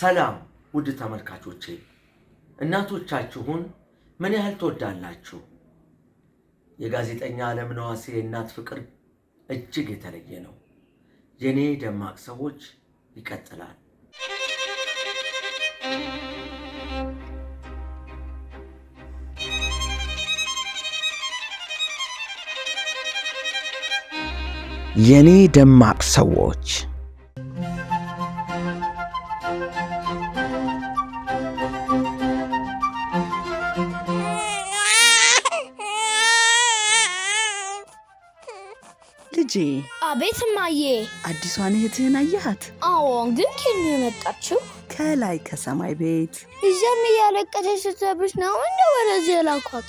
ሰላም ውድ ተመልካቾቼ፣ እናቶቻችሁን ምን ያህል ትወዳላችሁ? የጋዜጠኛ ዓለምነህ ነዋሴ የእናት ፍቅር እጅግ የተለየ ነው። የኔ ደማቅ ሰዎች ይቀጥላል። የኔ ደማቅ ሰዎች ልጄ። አቤት እማዬ። አዲሷን እህትህን አየሃት? አዎ። ግን ኬኑ የመጣችው ከላይ ከሰማይ ቤት እዚያም እያለቀሰች ስትረብሽ ነው እንደ ወደዚህ የላኳት።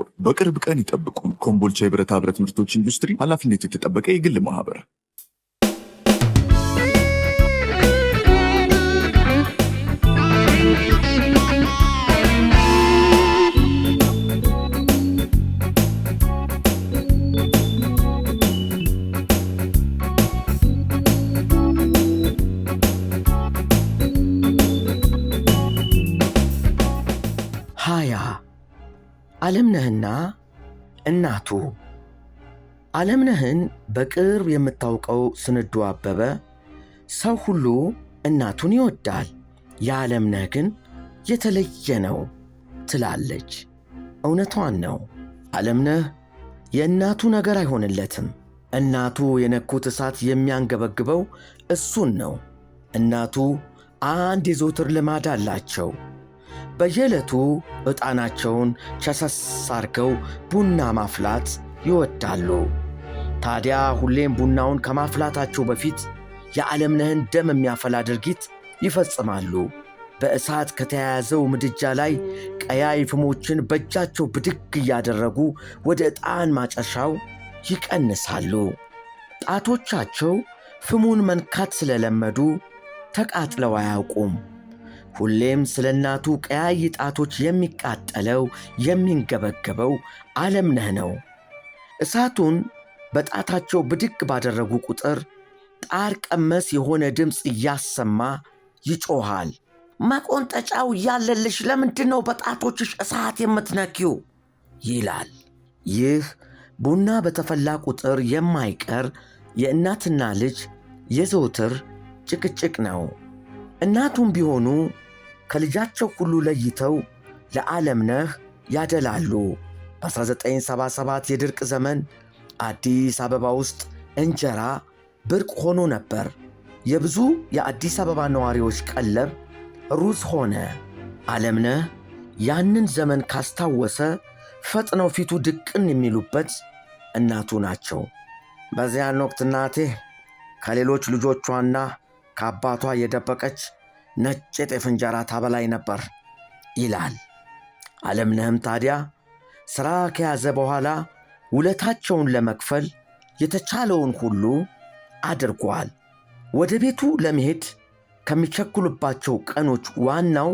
ፎር በቅርብ ቀን ይጠብቁ። ኮምቦልቻ የብረታ ብረት ምርቶች ኢንዱስትሪ ኃላፊነቱ የተጠበቀ የግል ማህበር ዓለምነህና እናቱ ዓለምነህን በቅርብ የምታውቀው ስንዱ አበበ ሰው ሁሉ እናቱን ይወዳል፣ የዓለምነህ ግን የተለየ ነው ትላለች። እውነቷን ነው። ዓለምነህ የእናቱ ነገር አይሆንለትም። እናቱ የነኩት እሳት የሚያንገበግበው እሱን ነው። እናቱ አንድ የዞትር ልማድ አላቸው። በየዕለቱ ዕጣናቸውን ቸሰስ አርገው ቡና ማፍላት ይወዳሉ። ታዲያ ሁሌም ቡናውን ከማፍላታቸው በፊት የዓለምነህን ደም የሚያፈላ ድርጊት ይፈጽማሉ። በእሳት ከተያያዘው ምድጃ ላይ ቀያይ ፍሞችን በእጃቸው ብድግ እያደረጉ ወደ ዕጣን ማጨሻው ይቀንሳሉ። ጣቶቻቸው ፍሙን መንካት ስለለመዱ ተቃጥለው አያውቁም። ሁሌም ስለ እናቱ ቀያይ ጣቶች የሚቃጠለው የሚንገበገበው ዓለምነህ ነው። እሳቱን በጣታቸው ብድግ ባደረጉ ቁጥር ጣር ቀመስ የሆነ ድምፅ እያሰማ ይጮኋል። መቆንጠጫው እያለልሽ ለምንድን ነው በጣቶችሽ እሳት የምትነኪው? ይላል። ይህ ቡና በተፈላ ቁጥር የማይቀር የእናትና ልጅ የዘውትር ጭቅጭቅ ነው። እናቱም ቢሆኑ ከልጃቸው ሁሉ ለይተው ለዓለም ነህ ያደላሉ። በ1977 የድርቅ ዘመን አዲስ አበባ ውስጥ እንጀራ ብርቅ ሆኖ ነበር። የብዙ የአዲስ አበባ ነዋሪዎች ቀለብ ሩዝ ሆነ። ዓለምነህ ያንን ዘመን ካስታወሰ ፈጥነው ፊቱ ድቅን የሚሉበት እናቱ ናቸው። በዚያን ወቅት እናቴ ከሌሎች ልጆቿና ከአባቷ የደበቀች ነጭ የጤፍ እንጀራ ታበላይ ነበር ይላል። አለምነህም ታዲያ ሥራ ከያዘ በኋላ ውለታቸውን ለመክፈል የተቻለውን ሁሉ አድርጓል። ወደ ቤቱ ለመሄድ ከሚቸኩልባቸው ቀኖች ዋናው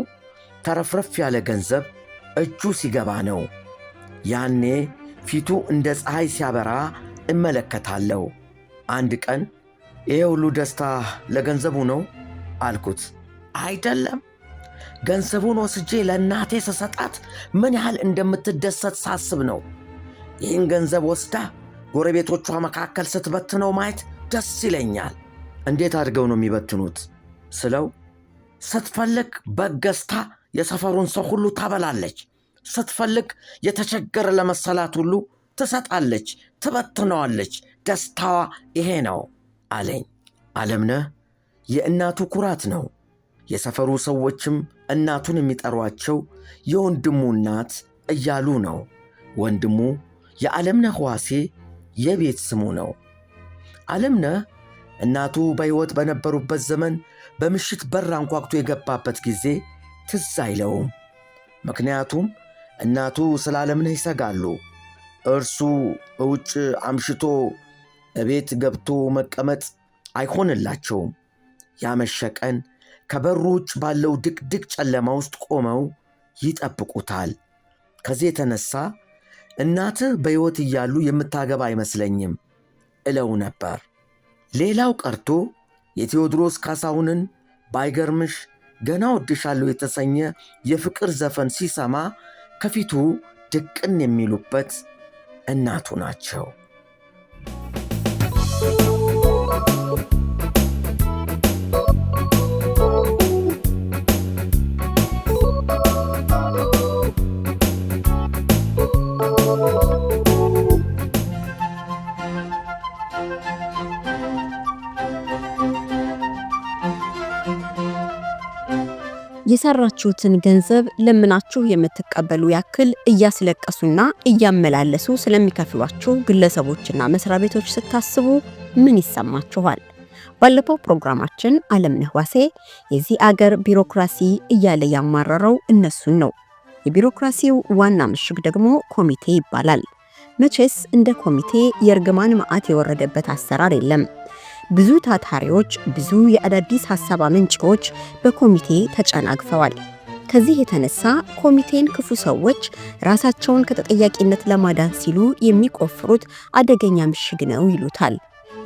ተረፍረፍ ያለ ገንዘብ እጁ ሲገባ ነው። ያኔ ፊቱ እንደ ፀሐይ ሲያበራ እመለከታለሁ። አንድ ቀን ይሄ ሁሉ ደስታ ለገንዘቡ ነው አልኩት። አይደለም ገንዘቡን ወስጄ ለእናቴ ስሰጣት ምን ያህል እንደምትደሰት ሳስብ ነው። ይህን ገንዘብ ወስዳ ጎረቤቶቿ መካከል ስትበትነው ማየት ደስ ይለኛል። እንዴት አድርገው ነው የሚበትኑት ስለው ስትፈልግ በገዝታ የሰፈሩን ሰው ሁሉ ታበላለች። ስትፈልግ የተቸገረ ለመሰላት ሁሉ ትሰጣለች፣ ትበትነዋለች። ደስታዋ ይሄ ነው አለኝ። አለምነህ የእናቱ ኩራት ነው የሰፈሩ ሰዎችም እናቱን የሚጠሯቸው የወንድሙ እናት እያሉ ነው። ወንድሙ የዓለምነህ ዋሴ የቤት ስሙ ነው። ዓለምነህ እናቱ በሕይወት በነበሩበት ዘመን በምሽት በር አንኳኩቶ የገባበት ጊዜ ትዝ አይለውም። ምክንያቱም እናቱ ስለ ዓለምነህ ይሰጋሉ። እርሱ በውጭ አምሽቶ እቤት ገብቶ መቀመጥ አይሆንላቸውም። ያመሸ ቀን ከበሩ ውጭ ባለው ድቅድቅ ጨለማ ውስጥ ቆመው ይጠብቁታል። ከዚህ የተነሳ እናትህ በሕይወት እያሉ የምታገባ አይመስለኝም እለው ነበር። ሌላው ቀርቶ የቴዎድሮስ ካሳሁንን ባይገርምሽ ገና ወድሻለሁ የተሰኘ የፍቅር ዘፈን ሲሰማ ከፊቱ ድቅን የሚሉበት እናቱ ናቸው። የሰራችሁትን ገንዘብ ለምናችሁ የምትቀበሉ ያክል እያስለቀሱና እያመላለሱ ስለሚከፍሏችሁ ግለሰቦችና መስሪያ ቤቶች ስታስቡ ምን ይሰማችኋል? ባለፈው ፕሮግራማችን አለምነህ ዋሴ የዚህ አገር ቢሮክራሲ እያለ ያማረረው እነሱን ነው። የቢሮክራሲው ዋና ምሽግ ደግሞ ኮሚቴ ይባላል። መቼስ እንደ ኮሚቴ የእርግማን መዓት የወረደበት አሰራር የለም። ብዙ ታታሪዎች፣ ብዙ የአዳዲስ ሐሳብ አመንጭዎች በኮሚቴ ተጨናግፈዋል። ከዚህ የተነሳ ኮሚቴን ክፉ ሰዎች ራሳቸውን ከተጠያቂነት ለማዳን ሲሉ የሚቆፍሩት አደገኛ ምሽግ ነው ይሉታል።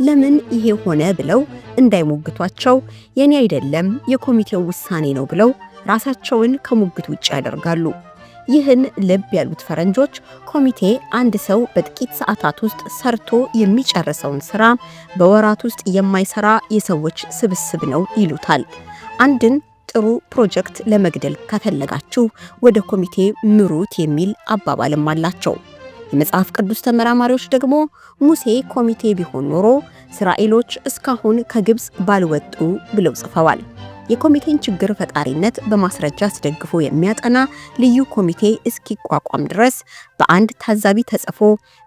ለምን ይሄ ሆነ ብለው እንዳይሞግቷቸው የኔ አይደለም የኮሚቴው ውሳኔ ነው ብለው ራሳቸውን ከሙግት ውጭ ያደርጋሉ። ይህን ልብ ያሉት ፈረንጆች ኮሚቴ አንድ ሰው በጥቂት ሰዓታት ውስጥ ሰርቶ የሚጨርሰውን ስራ በወራት ውስጥ የማይሰራ የሰዎች ስብስብ ነው ይሉታል። አንድን ጥሩ ፕሮጀክት ለመግደል ከፈለጋችሁ ወደ ኮሚቴ ምሩት የሚል አባባልም አላቸው። የመጽሐፍ ቅዱስ ተመራማሪዎች ደግሞ ሙሴ ኮሚቴ ቢሆን ኖሮ እስራኤሎች እስካሁን ከግብፅ ባልወጡ ብለው ጽፈዋል። የኮሚቴን ችግር ፈጣሪነት በማስረጃ አስደግፎ የሚያጠና ልዩ ኮሚቴ እስኪቋቋም ድረስ በአንድ ታዛቢ ተጽፎ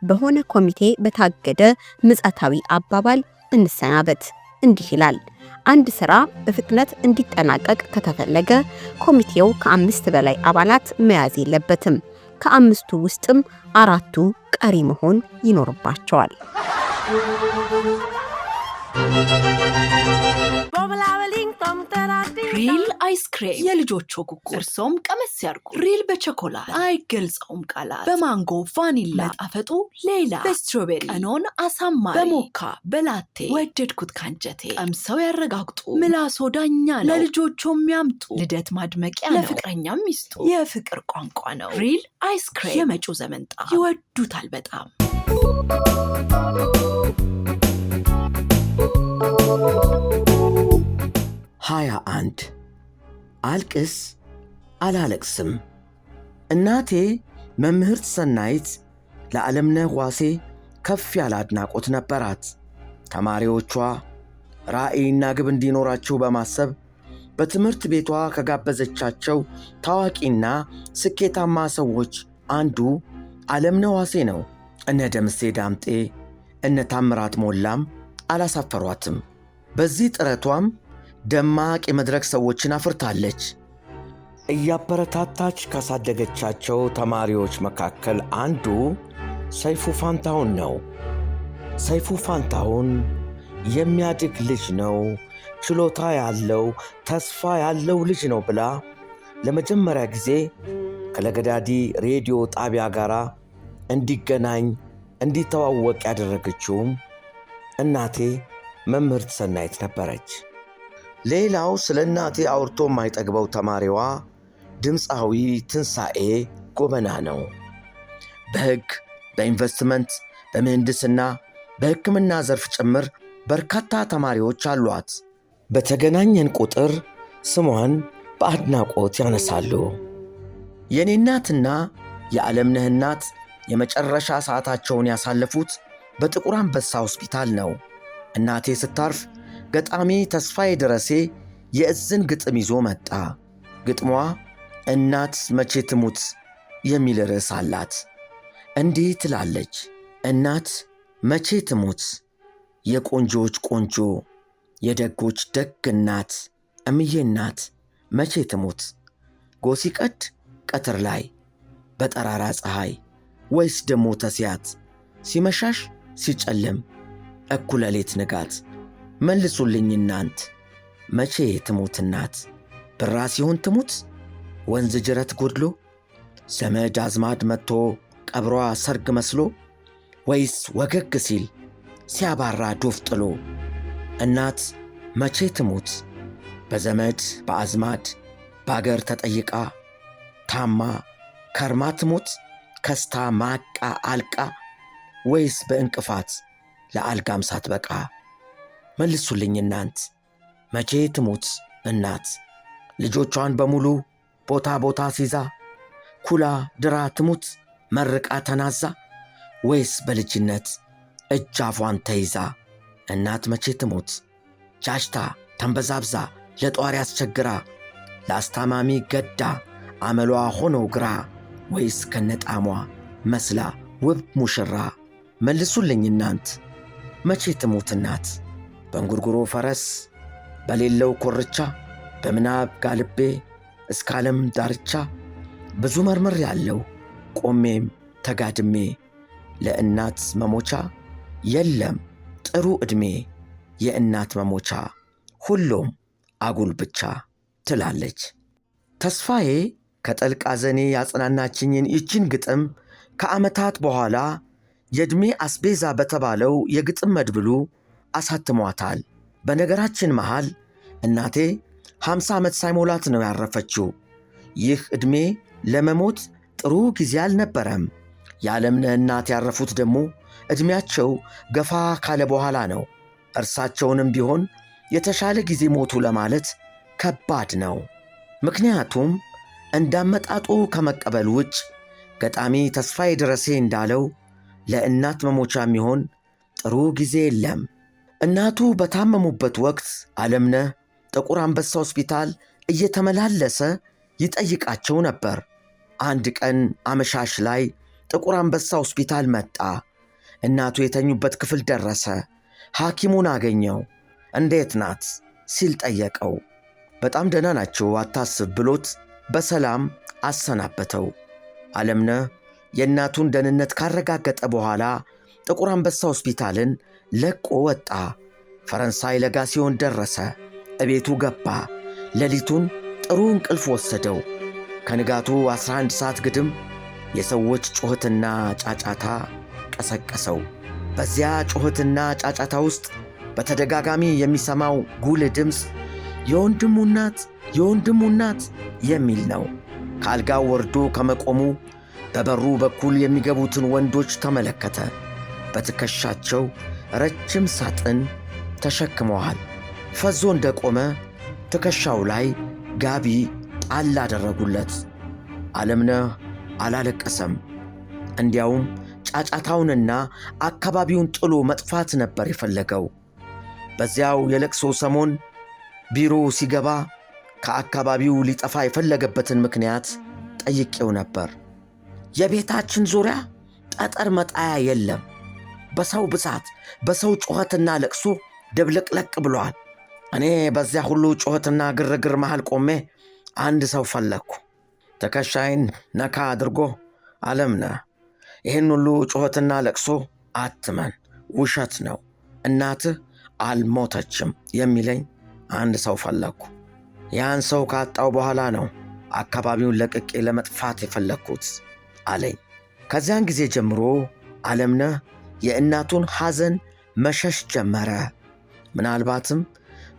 በሆነ ኮሚቴ በታገደ ምጸታዊ አባባል እንሰናበት። እንዲህ ይላል። አንድ ስራ በፍጥነት እንዲጠናቀቅ ከተፈለገ ኮሚቴው ከአምስት በላይ አባላት መያዝ የለበትም። ከአምስቱ ውስጥም አራቱ ቀሪ መሆን ይኖርባቸዋል። ሪል አይስክሬም የልጆቹ ጉጉ። እርሶም ቀመስ ያርጉ። ሪል በቸኮላት አይገልጸውም ቃላት። በማንጎ ቫኒላ ጣፈጡ ሌላ። በስትሮቤሪ ቀኖን አሳማሪ። በሞካ በላቴ ወደድኩት ካንጀቴ። ቀምሰው ያረጋግጡ ምላሶ ዳኛ ነው። ለልጆቹ የሚያምጡ ልደት ማድመቂያ ነው። ለፍቅረኛ ሚስጡ የፍቅር ቋንቋ ነው። ሪል አይስክሬም የመጪው ጣ ይወዱታል በጣም። Thank you. 21 አልቅስ አላለቅስም። እናቴ መምህርት ሰናይት ለዓለምነህ ዋሴ ከፍ ያለ አድናቆት ነበራት። ተማሪዎቿ ራዕይና ግብ እንዲኖራቸው በማሰብ በትምህርት ቤቷ ከጋበዘቻቸው ታዋቂና ስኬታማ ሰዎች አንዱ ዓለምነህ ዋሴ ነው። እነ ደምሴ ዳምጤ፣ እነ ታምራት ሞላም አላሳፈሯትም። በዚህ ጥረቷም ደማቅ የመድረክ ሰዎችን አፍርታለች። እያበረታታች ካሳደገቻቸው ተማሪዎች መካከል አንዱ ሰይፉ ፋንታሁን ነው። ሰይፉ ፋንታሁን የሚያድግ ልጅ ነው፣ ችሎታ ያለው ተስፋ ያለው ልጅ ነው ብላ ለመጀመሪያ ጊዜ ከለገዳዲ ሬዲዮ ጣቢያ ጋር እንዲገናኝ እንዲተዋወቅ ያደረገችውም እናቴ መምህርት ሰናይት ነበረች። ሌላው ስለ እናቴ አውርቶ የማይጠግበው ተማሪዋ ድምፃዊ ትንሣኤ ጎበና ነው። በሕግ፣ በኢንቨስትመንት፣ በምህንድስና፣ በሕክምና ዘርፍ ጭምር በርካታ ተማሪዎች አሏት። በተገናኘን ቁጥር ስሟን በአድናቆት ያነሳሉ። የእኔ እናትና የዓለምነህ እናት የመጨረሻ ሰዓታቸውን ያሳለፉት በጥቁር አንበሳ ሆስፒታል ነው። እናቴ ስታርፍ ገጣሚ ተስፋዬ ደረሴ የእዝን ግጥም ይዞ መጣ። ግጥሟ እናት መቼ ትሙት የሚል ርዕስ አላት። እንዲህ ትላለች። እናት መቼ ትሙት የቆንጆዎች ቆንጆ የደጎች ደግ እናት እምዬ እናት መቼ ትሙት ጎሲቀድ ቀትር ላይ በጠራራ ፀሐይ ወይስ ደሞ ተስያት ሲመሻሽ ሲጨልም እኩለሌት ሌት ንጋት መልሱልኝ እናንት መቼ ትሙት እናት ብራ ሲሆን ትሙት ወንዝ ጅረት ጎድሎ ዘመድ አዝማድ መጥቶ ቀብሯ ሰርግ መስሎ ወይስ ወገግ ሲል ሲያባራ ዶፍ ጥሎ እናት መቼ ትሙት በዘመድ በአዝማድ በአገር ተጠይቃ ታማ ከርማ ትሙት ከስታ ማቃ አልቃ ወይስ በእንቅፋት ለአልጋም ሳትበቃ መልሱልኝ እናንት። መቼ ትሙት እናት ልጆቿን በሙሉ ቦታ ቦታ ሲዛ ኩላ ድራ ትሙት መርቃ ተናዛ ወይስ በልጅነት እጅ አፏን ተይዛ እናት መቼ ትሙት ጃጅታ ተንበዛብዛ ለጧሪ አስቸግራ ለአስታማሚ ገዳ አመሏ ሆኖ ግራ ወይስ ከነጣሟ መስላ ውብ ሙሽራ መልሱልኝ እናንት መቼ ትሙት እናት በእንጉርጉሮ ፈረስ በሌለው ኮርቻ በምናብ ጋልቤ እስከ ዓለም ዳርቻ ብዙ መርምር ያለው ቆሜም ተጋድሜ ለእናት መሞቻ የለም ጥሩ ዕድሜ የእናት መሞቻ ሁሉም አጉል ብቻ ትላለች። ተስፋዬ ከጠልቅ አዘኔ ያጽናናችኝን ይችን ግጥም ከዓመታት በኋላ የዕድሜ አስቤዛ በተባለው የግጥም መድብሉ አሳትሟታል። በነገራችን መሃል እናቴ 50 ዓመት ሳይሞላት ነው ያረፈችው። ይህ ዕድሜ ለመሞት ጥሩ ጊዜ አልነበረም። የዓለምነ እናት ያረፉት ደግሞ ዕድሜያቸው ገፋ ካለ በኋላ ነው። እርሳቸውንም ቢሆን የተሻለ ጊዜ ሞቱ ለማለት ከባድ ነው። ምክንያቱም እንዳመጣጡ ከመቀበል ውጭ ገጣሚ ተስፋዬ ደረሴ እንዳለው ለእናት መሞቻ የሚሆን ጥሩ ጊዜ የለም። እናቱ በታመሙበት ወቅት አለምነ ጥቁር አንበሳ ሆስፒታል እየተመላለሰ ይጠይቃቸው ነበር። አንድ ቀን አመሻሽ ላይ ጥቁር አንበሳ ሆስፒታል መጣ። እናቱ የተኙበት ክፍል ደረሰ። ሐኪሙን አገኘው። እንዴት ናት ሲል ጠየቀው። በጣም ደህና ናቸው አታስብ ብሎት በሰላም አሰናበተው። አለምነ የእናቱን ደህንነት ካረጋገጠ በኋላ ጥቁር አንበሳ ሆስፒታልን ለቆ ወጣ። ፈረንሳይ ለጋ ሲሆን ደረሰ። እቤቱ ገባ። ሌሊቱን ጥሩ እንቅልፍ ወሰደው። ከንጋቱ 11 ሰዓት ግድም የሰዎች ጩኸትና ጫጫታ ቀሰቀሰው። በዚያ ጩኸትና ጫጫታ ውስጥ በተደጋጋሚ የሚሰማው ጉል ድምፅ የወንድሙ እናት የወንድሙ እናት የሚል ነው። ከአልጋው ወርዶ ከመቆሙ በበሩ በኩል የሚገቡትን ወንዶች ተመለከተ። በትከሻቸው ረጅም ሳጥን ተሸክመዋል። ፈዞ እንደቆመ ትከሻው ላይ ጋቢ ጣል አደረጉለት። ዓለምነህ አላለቀሰም። እንዲያውም ጫጫታውንና አካባቢውን ጥሎ መጥፋት ነበር የፈለገው። በዚያው የለቅሶ ሰሞን ቢሮ ሲገባ ከአካባቢው ሊጠፋ የፈለገበትን ምክንያት ጠይቄው ነበር። የቤታችን ዙሪያ ጠጠር መጣያ የለም በሰው ብዛት፣ በሰው ጩኸትና ለቅሶ ድብልቅለቅ ብለዋል። እኔ በዚያ ሁሉ ጩኸትና ግርግር መሃል ቆሜ አንድ ሰው ፈለግኩ። ትከሻዬን ነካ አድርጎ አለምነ ይህን ሁሉ ጩኸትና ለቅሶ አትመን፣ ውሸት ነው፣ እናትህ አልሞተችም የሚለኝ አንድ ሰው ፈለግኩ። ያን ሰው ካጣው በኋላ ነው አካባቢውን ለቅቄ ለመጥፋት የፈለግኩት አለኝ። ከዚያን ጊዜ ጀምሮ አለምነህ የእናቱን ሐዘን መሸሽ ጀመረ። ምናልባትም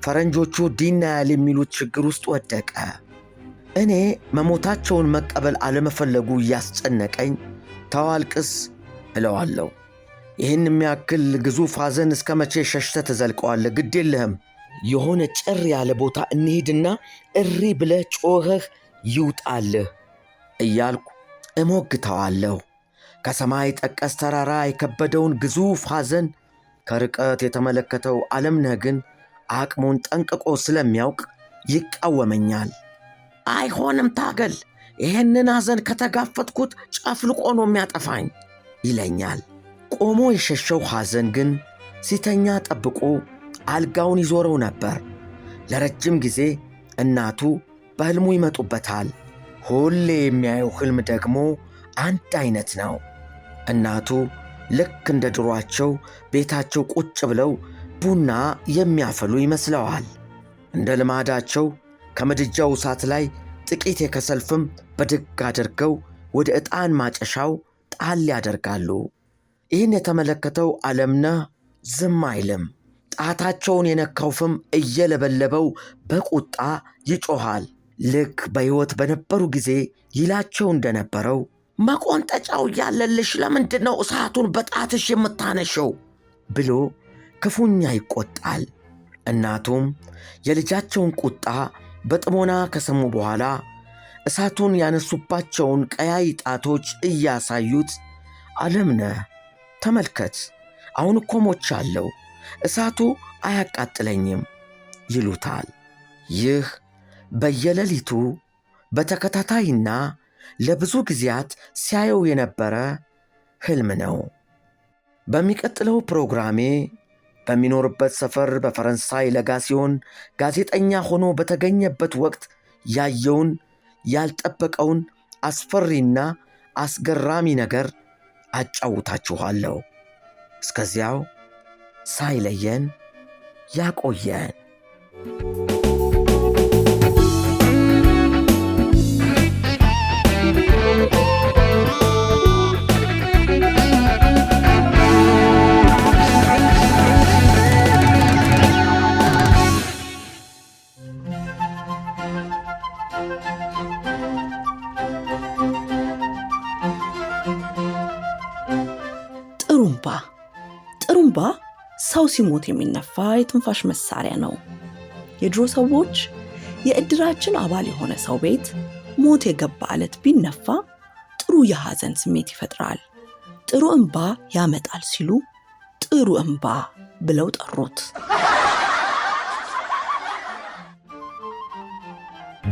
ፈረንጆቹ ዲናያል የሚሉት ችግር ውስጥ ወደቀ። እኔ መሞታቸውን መቀበል አለመፈለጉ እያስጨነቀኝ ተዋልቅስ እለዋለሁ። ይህን የሚያክል ግዙፍ ሐዘን እስከ መቼ ሸሽተ ትዘልቀዋለ? ግድ የለህም የሆነ ጭር ያለ ቦታ እንሄድና እሪ ብለህ ጮኸህ ይውጣልህ እያልኩ እሞግተዋለሁ። ከሰማይ ጠቀስ ተራራ የከበደውን ግዙፍ ሐዘን ከርቀት የተመለከተው ዓለምነህ ግን አቅሙን ጠንቅቆ ስለሚያውቅ ይቃወመኛል። አይሆንም ታገል፣ ይህንን ሐዘን ከተጋፈጥኩት ጨፍልቆ ነው የሚያጠፋኝ ይለኛል። ቆሞ የሸሸው ሐዘን ግን ሲተኛ ጠብቆ አልጋውን ይዞረው ነበር። ለረጅም ጊዜ እናቱ በሕልሙ ይመጡበታል። ሁሌ የሚያየው ሕልም ደግሞ አንድ አይነት ነው። እናቱ ልክ እንደ ድሯቸው ቤታቸው ቁጭ ብለው ቡና የሚያፈሉ ይመስለዋል። እንደ ልማዳቸው ከምድጃው እሳት ላይ ጥቂት የከሰል ፍም በድግ አድርገው ወደ ዕጣን ማጨሻው ጣል ያደርጋሉ። ይህን የተመለከተው ዓለምነህ ዝም አይልም። ጣታቸውን የነካው ፍም እየለበለበው በቁጣ ይጮኋል። ልክ በሕይወት በነበሩ ጊዜ ይላቸው እንደነበረው መቆንጠጫው እያለልሽ ለምንድን ነው እሳቱን በጣትሽ የምታነሸው? ብሎ ክፉኛ ይቆጣል። እናቱም የልጃቸውን ቁጣ በጥሞና ከሰሙ በኋላ እሳቱን ያነሱባቸውን ቀያይ ጣቶች እያሳዩት አለምነህ ተመልከት፣ አሁን እኮ ሞቻለሁ፣ እሳቱ አያቃጥለኝም ይሉታል። ይህ በየሌሊቱ በተከታታይና ለብዙ ጊዜያት ሲያየው የነበረ ህልም ነው። በሚቀጥለው ፕሮግራሜ በሚኖርበት ሰፈር በፈረንሳይ ለጋ ሲሆን ጋዜጠኛ ሆኖ በተገኘበት ወቅት ያየውን ያልጠበቀውን አስፈሪና አስገራሚ ነገር አጫውታችኋለሁ። እስከዚያው ሳይለየን ያቆየን። ሰው ሲሞት የሚነፋ የትንፋሽ መሳሪያ ነው። የድሮ ሰዎች የእድራችን አባል የሆነ ሰው ቤት ሞት የገባ ዕለት ቢነፋ ጥሩ የሐዘን ስሜት ይፈጥራል፣ ጥሩ እንባ ያመጣል ሲሉ ጥሩ እንባ ብለው ጠሩት።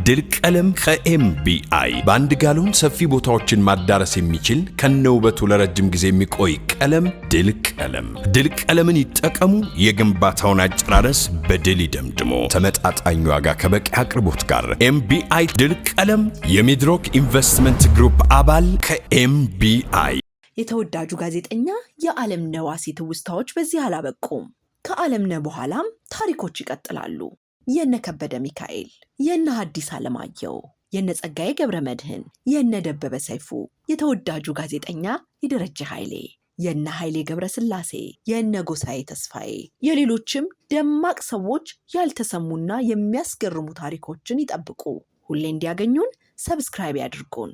ድል ቀለም ከኤምቢአይ በአንድ ጋሎን ሰፊ ቦታዎችን ማዳረስ የሚችል ከነውበቱ ለረጅም ጊዜ የሚቆይ ቀለም ድል ቀለም። ድል ቀለምን ይጠቀሙ። የግንባታውን አጨራረስ በድል ይደምድሞ። ተመጣጣኝ ዋጋ ከበቂ አቅርቦት ጋር ኤምቢአይ ድል ቀለም የሚድሮክ ኢንቨስትመንት ግሩፕ አባል ከኤምቢአይ። የተወዳጁ ጋዜጠኛ የዓለምነህ ዋሴ ትውስታዎች በዚህ አላበቁም። ከዓለምነህ በኋላም ታሪኮች ይቀጥላሉ። የነ ከበደ ሚካኤል፣ የነ ሐዲስ ዓለማየሁ፣ የነ ጸጋዬ ገብረ መድህን፣ የነ ደበበ ሰይፉ፣ የተወዳጁ ጋዜጠኛ የደረጀ ኃይሌ፣ የነ ኃይሌ ገብረ ስላሴ፣ የነ ጎሳዬ ተስፋዬ፣ የሌሎችም ደማቅ ሰዎች ያልተሰሙና የሚያስገርሙ ታሪኮችን ይጠብቁ። ሁሌ እንዲያገኙን ሰብስክራይብ ያድርጉን።